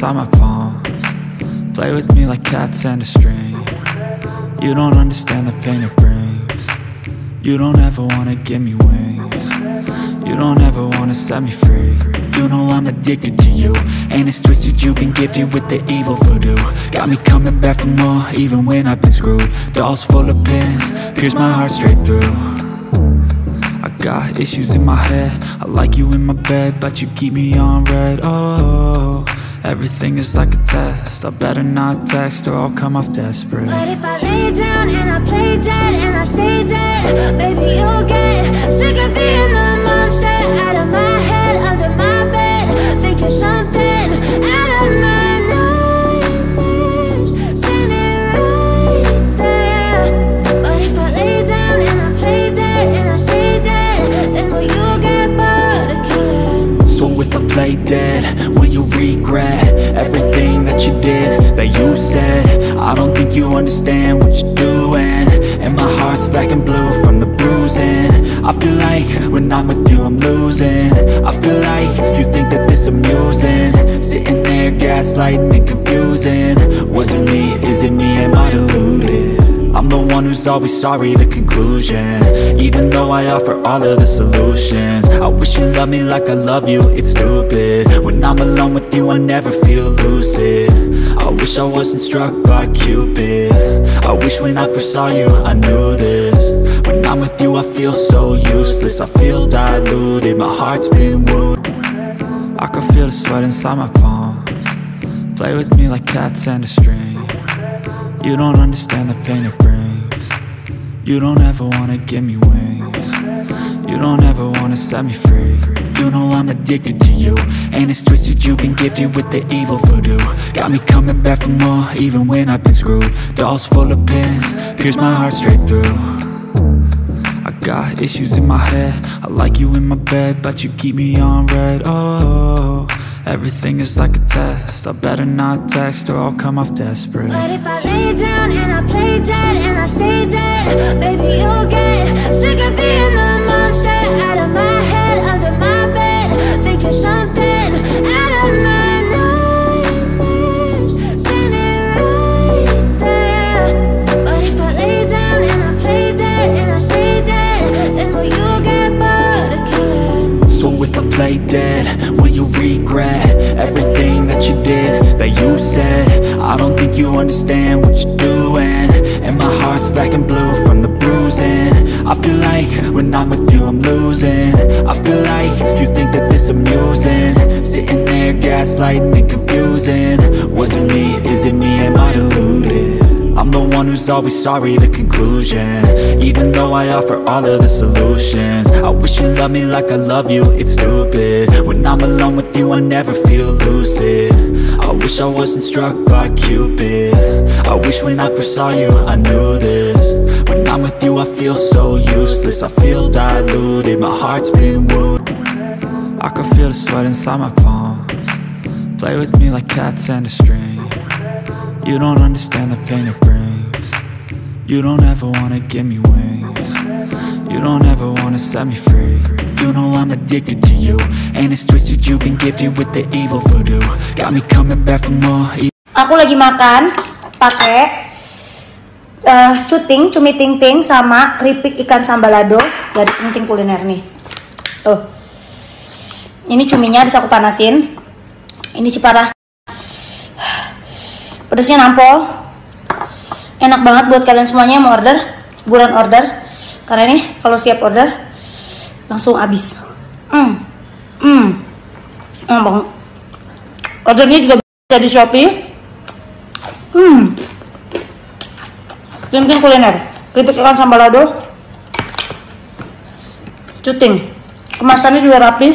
inside my palms Play with me like cats and a string You don't understand the pain it brings You don't ever wanna give me wings You don't ever wanna set me free You know I'm addicted to you And it's twisted you've been gifted with the evil voodoo Got me coming back for more even when I've been screwed Dolls full of pins, pierce my heart straight through Got issues in my head I like you in my bed But you keep me on red. Oh, Everything is like a test I better not text or I'll come off desperate But if I lay down and I play dead and I stay dead Baby, you'll get sick of being the monster out of my man, what you doing? And my heart's black and blue from the bruising I feel like when I'm with you I'm losing I feel like you think that this amusing Sitting there gaslighting and confusing Was it me? Is it me? Am I deluded? I'm the one who's always sorry, the conclusion Even though I offer all of the solutions I wish you loved me like I love you, it's stupid When I'm alone with you I never feel lucid I wish I wasn't struck by Cupid I wish when I first saw you, I knew this When I'm with you, I feel so useless I feel diluted, my heart's been wounded I can feel the sweat inside my palms Play with me like cats and a string You don't understand the pain it brings You don't ever wanna give me wings You don't ever wanna set me free you know I'm addicted to you And it's twisted, you've been gifted with the evil voodoo Got me coming back for more, even when I've been screwed Dolls full of pins, pierce my heart straight through I got issues in my head I like you in my bed, but you keep me on red. Oh, everything is like a test I better not text or I'll come off desperate But if I lay down and I play dead and I stay lay dead Will you regret everything that you did, that you said I don't think you understand what you're doing And my heart's black and blue from the bruising I feel like when I'm with you I'm losing I feel like you think that this amusing Sitting there gaslighting and confusing Was it me, is it me, am I deluded? I'm the one who's always sorry, the conclusion Even though I offer all of the solutions I wish you loved me like I love you, it's stupid When I'm alone with you, I never feel lucid I wish I wasn't struck by Cupid I wish when I first saw you, I knew this When I'm with you, I feel so useless I feel diluted, my heart's been wounded I can feel the sweat inside my palms Play with me like cats and a string You don't understand the pain it brings You don't ever wanna give me wings You don't ever wanna set me free you know I'm addicted to you And it's twisted you've been gifted with the evil voodoo Got me coming back for more e- Aku lagi makan pakai uh, cuting, cumi ting-ting sama keripik ikan sambalado dari penting kuliner nih Tuh Ini cuminya bisa aku panasin Ini ciparah pedasnya nampol enak banget buat kalian semuanya yang mau order buruan order karena ini kalau siap order langsung habis hmm hmm banget ordernya juga bisa di shopee hmm tim kuliner keripik ikan sambal lado cuting kemasannya juga rapi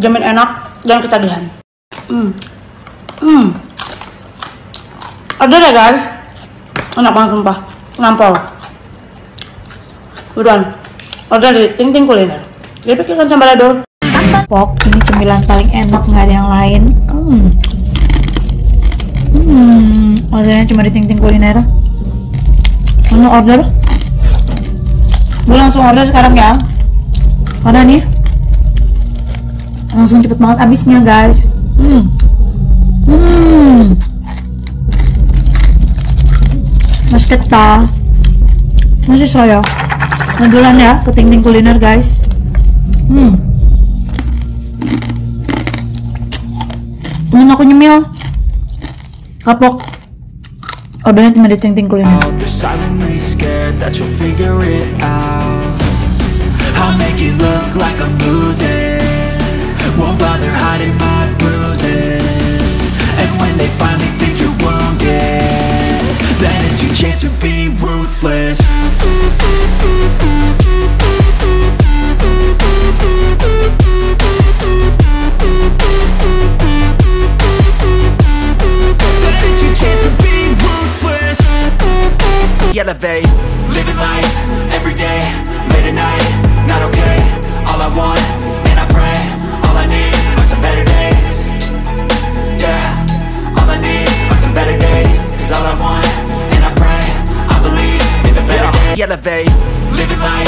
jamin enak dan ketagihan hmm. Hmm. Ada deh guys. Enak banget sumpah. Nampol. Buruan. Order di Ting Ting Kuliner. Dia pikirkan sambal adon. Pok, ini cemilan paling enak nggak ada yang lain. Hmm. Hmm, ordernya cuma di Ting Ting Kuliner. Mana order? Gue langsung order sekarang ya. Mana nih? Langsung cepet banget habisnya guys. Hmm. Hmm. Mas, ketawa masih soya ngejelan ya ke kuliner, guys. Hmm. Ini mau ke nyemil, oke. Pok, odoinnya cuma di tingting kuliner. elevate Living life, everyday, late at night, not okay All I want, and I pray, all I need are some better days Yeah, all I need are some better days Cause all I want, and I pray, I believe in the better yeah, elevate Living life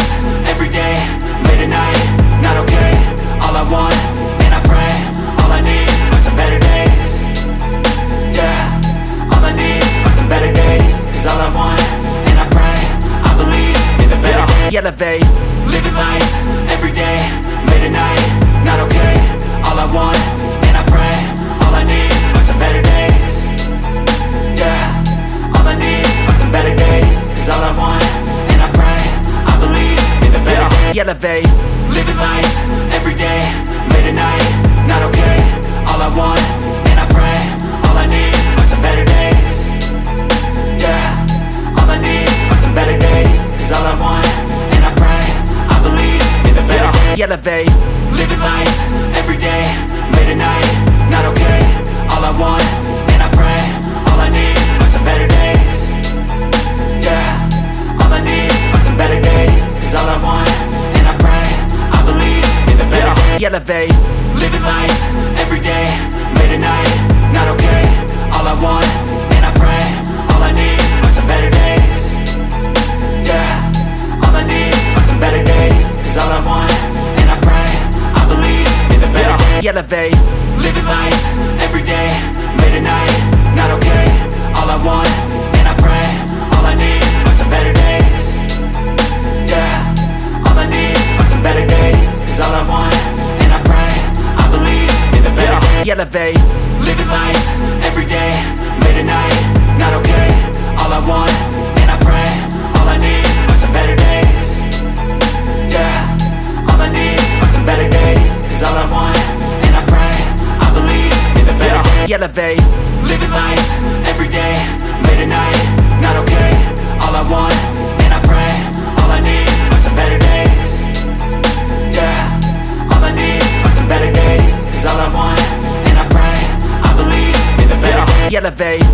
elevate Living life, everyday, late at night, not okay All I want, and I pray, all I need are some better days Yeah, all I need are some better days Cause all I want, and I pray, I believe in the better yeah, Elevate elevate Living life, everyday, late at night, not okay All I want, and I pray, all I need are some better days Yeah, all I need are some better days Cause all I want, and I pray, I believe in the better yeah, Elevate, living life a very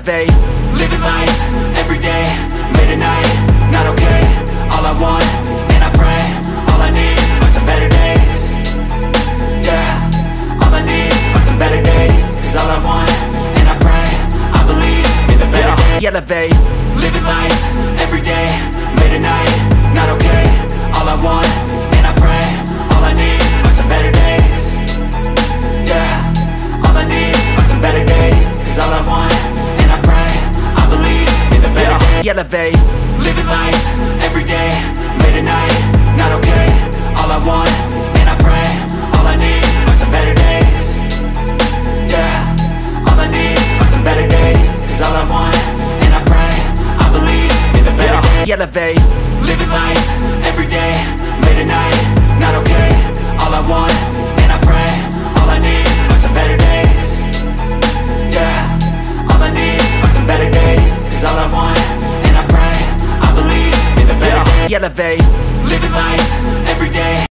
elevate Living life, everyday, late at night, not okay All I want, and I pray, all I need are some better days Yeah, all I need are some better days Cause all I want, and I pray, I believe in the better yeah, Elevate Living life, everyday, late at night, not okay All I want elevate Living life, everyday, late at night, not okay All I want, and I pray, all I need are some better days Yeah, all I need are some better days Cause all I want, and I pray, I believe in the better yeah, days elevate Living life, everyday, late at night, not okay All I want, and I pray, all I need are some better days Yeah, all I need are some better days Cause all I want elevate Living life, everyday